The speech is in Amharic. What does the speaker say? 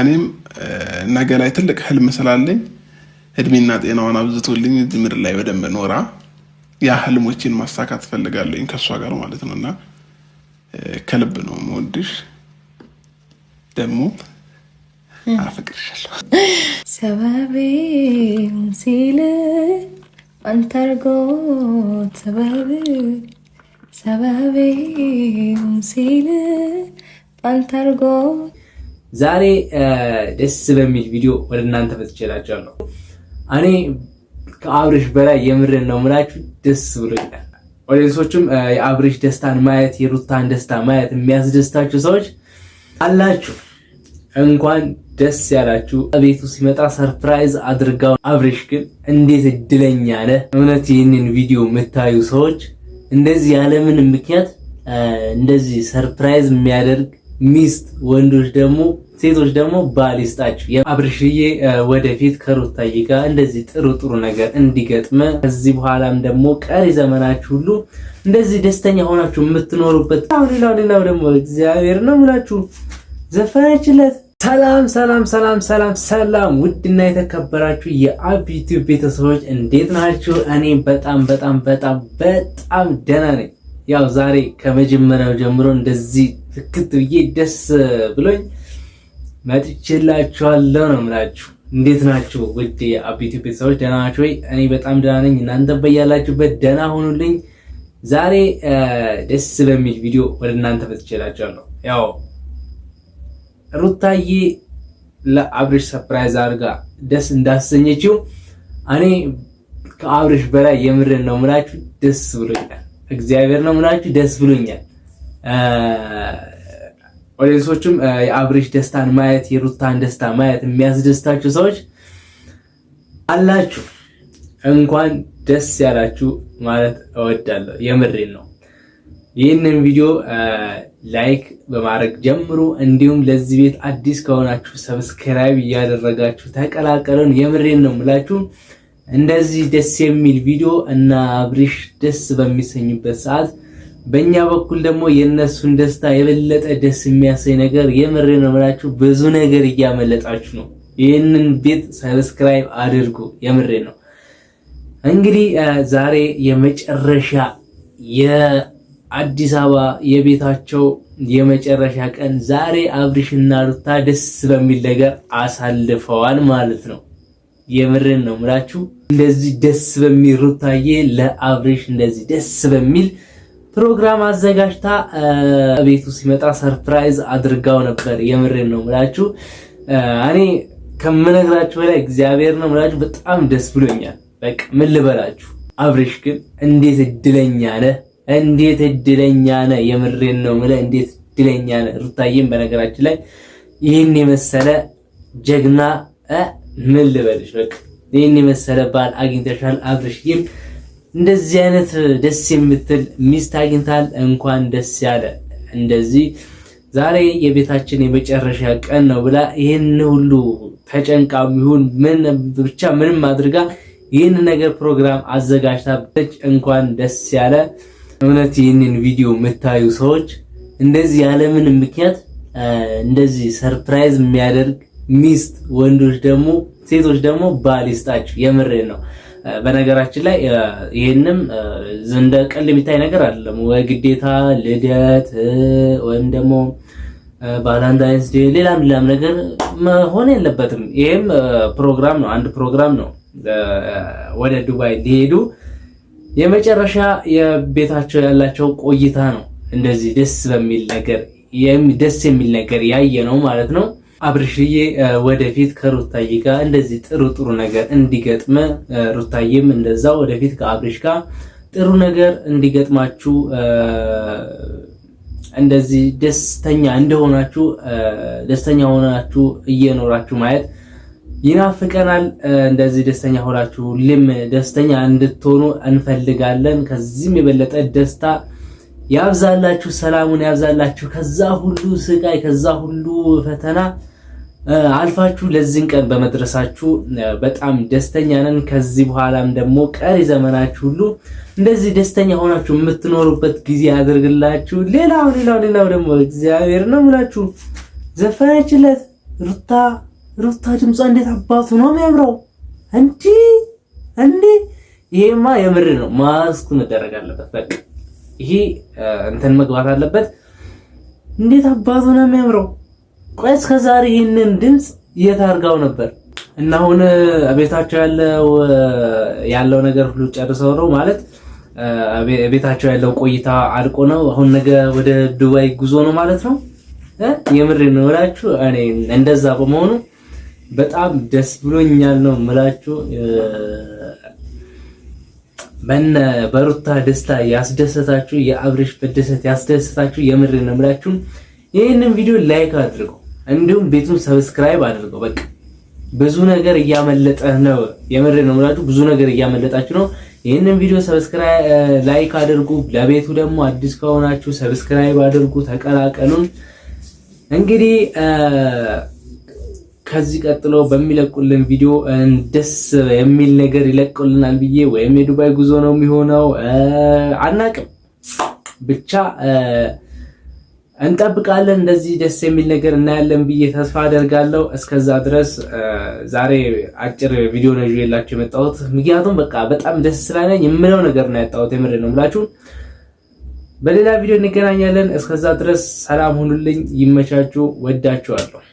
እኔም ነገ ላይ ትልቅ ህልም ስላለኝ እድሜና ጤናዋን አብዝቶልኝ እዚህ ምድር ላይ በደንብ ኖራ ያ ህልሞችን ማሳካት ፈልጋለኝ ከእሷ ጋር ማለት ነው። እና ከልብ ነው መወድሽ ደግሞ አፈቅርሻለሁ። ሰበቤም ሲል አንተርጎ ሰበብ ሰበቤም ሲል አንተርጎ ዛሬ ደስ በሚል ቪዲዮ ወደ እናንተ መጥቼላችኋለሁ። እኔ ከአብርሽ በላይ የምርን ነው የምላችሁ፣ ደስ ብሎኛል። ኦዲየንሶቹም የአብርሽ ደስታን ማየት የሩታን ደስታ ማየት የሚያስደስታችሁ ሰዎች አላችሁ፣ እንኳን ደስ ያላችሁ። ቤቱ ሲመጣ ሰርፕራይዝ አድርጋው። አብርሽ ግን እንዴት እድለኛ ነህ! እውነት ይህንን ቪዲዮ የምታዩ ሰዎች እንደዚህ ያለምን ምክንያት እንደዚህ ሰርፕራይዝ የሚያደርግ ሚስት ወንዶች ደግሞ ሴቶች ደግሞ ባል ይስጣችሁ። አብርሽዬ ወደፊት ከሩታዬ ጋር እንደዚህ ጥሩ ጥሩ ነገር እንዲገጥመ ከዚህ በኋላም ደግሞ ቀሪ ዘመናችሁ ሁሉ እንደዚህ ደስተኛ ሆናችሁ የምትኖሩበት። ሌላው ሌላው ደግሞ እግዚአብሔር ነው ምላችሁ ዘፈናችለት ሰላም ሰላም ሰላም ሰላም ሰላም! ውድና የተከበራችሁ የአብ ቤተሰቦች እንዴት ናችሁ? እኔ በጣም በጣም በጣም በጣም ደህና ነኝ። ያው ዛሬ ከመጀመሪያው ጀምሮ እንደዚህ ትክት ብዬ ደስ ብሎኝ መጥቼላችኋለሁ ነው የምላችሁ። እንዴት ናችሁ? ውድ የአቢቱ ቤተሰቦች ደህና ናችሁ ወይ? እኔ በጣም ደህና ነኝ። እናንተ በያላችሁበት ደህና ሆኑልኝ። ዛሬ ደስ በሚል ቪዲዮ ወደ እናንተ መጥቼላችኋለሁ። ያው ሩታዬ ለአብሬሽ ሰፕራይዝ አድርጋ ደስ እንዳሰኘችው እኔ ከአብሬሽ በላይ የምርን ነው የምላችሁ ደስ ብሎኛል። እግዚአብሔር ነው የምላችሁ ደስ ብሎኛል። ኦዲየንሶችም የአብሬሽ ደስታን ማየት የሩታን ደስታ ማየት የሚያስደስታችሁ ሰዎች አላችሁ፣ እንኳን ደስ ያላችሁ ማለት እወዳለሁ። የምሬን ነው። ይህንን ቪዲዮ ላይክ በማድረግ ጀምሩ። እንዲሁም ለዚህ ቤት አዲስ ከሆናችሁ ሰብስክራይብ እያደረጋችሁ ተቀላቀለን። የምሬን ነው የምላችሁ። እንደዚህ ደስ የሚል ቪዲዮ እና አብሬሽ ደስ በሚሰኙበት ሰዓት በእኛ በኩል ደግሞ የእነሱን ደስታ የበለጠ ደስ የሚያሳይ ነገር የምሬ ነው ምላችሁ ብዙ ነገር እያመለጣችሁ ነው። ይህንን ቤት ሰብስክራይብ አድርጉ። የምሬ ነው። እንግዲህ ዛሬ የመጨረሻ የአዲስ አበባ የቤታቸው የመጨረሻ ቀን ዛሬ አብርሽና ሩታ ደስ በሚል ነገር አሳልፈዋል ማለት ነው። የምሬን ነው የምላችሁ እንደዚህ ደስ በሚል ሩታዬ ለአብርሽ እንደዚህ ደስ በሚል ፕሮግራም አዘጋጅታ ቤቱ ሲመጣ ሰርፕራይዝ አድርጋው ነበር። የምሬን ነው ምላችሁ፣ እኔ ከምነግራችሁ በላይ እግዚአብሔር ነው ምላችሁ፣ በጣም ደስ ብሎኛል። በቃ ምን ልበላችሁ። አብሬሽ ግን እንዴት እድለኛ ነ እንዴት እድለኛ ነ የምሬን ነው ምለ እንዴት እድለኛ ነ ሩታዬም በነገራችን ላይ ይህን የመሰለ ጀግና ምን ልበልሽ፣ በቃ ይህን የመሰለ ባል አግኝተሻል አብሬሽ ግን እንደዚህ አይነት ደስ የምትል ሚስት አግኝታል። እንኳን ደስ ያለ። እንደዚህ ዛሬ የቤታችን የመጨረሻ ቀን ነው ብላ ይህን ሁሉ ተጨንቃ ይሁን ምን ብቻ ምንም አድርጋ ይህን ነገር ፕሮግራም አዘጋጅታለች። እንኳን ደስ ያለ። እውነት ይህንን ቪዲዮ የምታዩ ሰዎች እንደዚህ ያለምን ምክንያት እንደዚህ ሰርፕራይዝ የሚያደርግ ሚስት ወንዶች ደግሞ ሴቶች ደግሞ ባል ይስጣችሁ። የምሬ ነው። በነገራችን ላይ ይህንም እንደ ቀልድ የሚታይ ነገር አይደለም። ወይ ግዴታ ልደት ወይም ደግሞ ቫላንታይንስ ዴይ ሌላም ሌላም ነገር መሆን የለበትም። ይህም ፕሮግራም ነው፣ አንድ ፕሮግራም ነው። ወደ ዱባይ ሊሄዱ የመጨረሻ የቤታቸው ያላቸው ቆይታ ነው። እንደዚህ ደስ በሚል ነገር ደስ የሚል ነገር ያየ ነው ማለት ነው። አብርሽዬ ወደፊት ከሩታዬ ጋር እንደዚህ ጥሩ ጥሩ ነገር እንዲገጥመ ሩታዬም እንደዛ ወደፊት ከአብርሽ ጋር ጥሩ ነገር እንዲገጥማችሁ እንደዚህ ደስተኛ እንደሆናችሁ ደስተኛ ሆናችሁ እየኖራችሁ ማየት ይናፍቀናል። እንደዚህ ደስተኛ ሆናችሁ ልም ደስተኛ እንድትሆኑ እንፈልጋለን። ከዚህም የበለጠ ደስታ ያብዛላችሁ፣ ሰላሙን ያብዛላችሁ። ከዛ ሁሉ ስቃይ ከዛ ሁሉ ፈተና አልፋችሁ ለዚህን ቀን በመድረሳችሁ በጣም ደስተኛ ነን። ከዚህ በኋላም ደግሞ ቀሪ ዘመናችሁ ሁሉ እንደዚህ ደስተኛ ሆናችሁ የምትኖሩበት ጊዜ አድርግላችሁ ሌላው ሌላው ሌላው ደግሞ እግዚአብሔር ነው ምላችሁ። ዘፈነችለት ሩታ ሩታ ድምጿ እንዴት አባቱ ነው የሚያምረው! እንዲ እንዲ ይሄማ የምር ነው። ማስኩ መደረግ አለበት። በቃ ይሄ እንትን መግባት አለበት። እንዴት አባቱ ነው የሚያምረው! ቆይ እስከ ዛሬ ይህንን ድምፅ የታርጋው ነበር እና አሁን ቤታቸው ያለው ያለው ነገር ሁሉ ጨርሰው ነው ማለት ቤታቸው ያለው ቆይታ አልቆ ነው። አሁን ነገ ወደ ዱባይ ጉዞ ነው ማለት ነው። የምሬ ነው እላችሁ። እኔ እንደዛ በመሆኑ በጣም ደስ ብሎኛል ነው ምላችሁ። በነ በሩታ ደስታ ያስደሰታችሁ፣ የአብሬሽ መደሰት ያስደሰታችሁ የምሬ ነው ምላችሁ። ይህንን ቪዲዮ ላይክ አድርጉ። እንዲሁም ቤቱን ሰብስክራይብ አድርገው። በቃ ብዙ ነገር እያመለጠህ ነው። የምር ነው የምላችሁ፣ ብዙ ነገር እያመለጣችሁ ነው። ይህንን ቪዲዮ ሰብስክራይብ፣ ላይክ አድርጉ። ለቤቱ ደግሞ አዲስ ከሆናችሁ ሰብስክራይብ አድርጉ፣ ተቀላቀሉን። እንግዲህ ከዚህ ቀጥሎ በሚለቁልን ቪዲዮ ደስ የሚል ነገር ይለቁልናል ብዬ ወይም የዱባይ ጉዞ ነው የሚሆነው አናቅም ብቻ እንጠብቃለን። እንደዚህ ደስ የሚል ነገር እናያለን ብዬ ተስፋ አደርጋለሁ። እስከዛ ድረስ ዛሬ አጭር ቪዲዮ ነው የላችሁ የመጣሁት፣ ምክንያቱም በቃ በጣም ደስ ስላለኝ የምለው ነገር ነው ያጣሁት። የምር ነው የምላችሁ። በሌላ ቪዲዮ እንገናኛለን። እስከዛ ድረስ ሰላም ሁኑልኝ፣ ይመቻችሁ፣ ወዳችኋለሁ።